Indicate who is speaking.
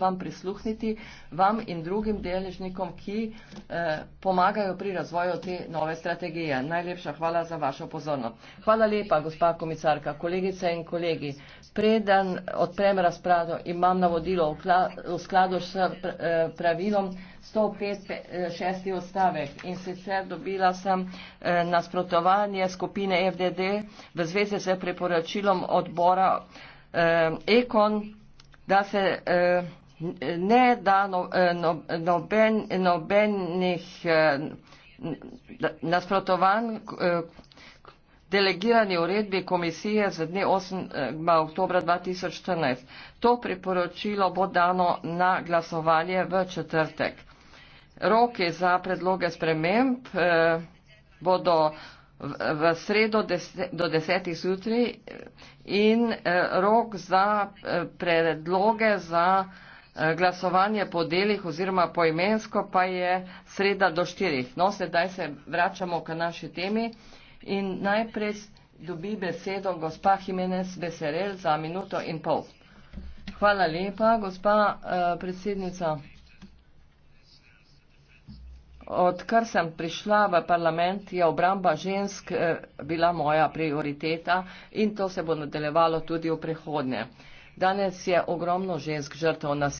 Speaker 1: vam prisluhniti, vam in drugim deležnikom, ki eh, pomagajo pri razvoju te nove strategije. Najlepša hvala za vašo pozornost. Hvala lepa, gospa komisarka, kolegice in kolegi. Preden odprem razpravo, imam navodilo v, v skladu s pr eh, pravilom 156. Eh, ostavek in sicer dobila sem eh, nasprotovanje skupine FDD v zvezi z priporočilom odbora eh, Ekon da se eh, ne da no, eh, no, noben, nobenih eh, nasprotovanj eh, delegirani uredbi komisije z dne 8. oktobra 2014. To priporočilo bo dano na glasovanje v četrtek. Roki za predloge sprememb eh, bodo v sredo do desetih zjutraj eh, in eh, rok za eh, predloge za glasovanje po delih oziroma po imensko pa je sreda do štirih. No, sedaj se vračamo k naši temi in najprej dobi besedo gospa Jimenez Beserel za minuto in pol. Hvala lepa, gospa predsednica. Odkar sem prišla v parlament, je obramba žensk eh, bila moja prioriteta in to se bo nadaljevalo tudi v prihodnje. Danes je ogromno žensk žrtev nasilja.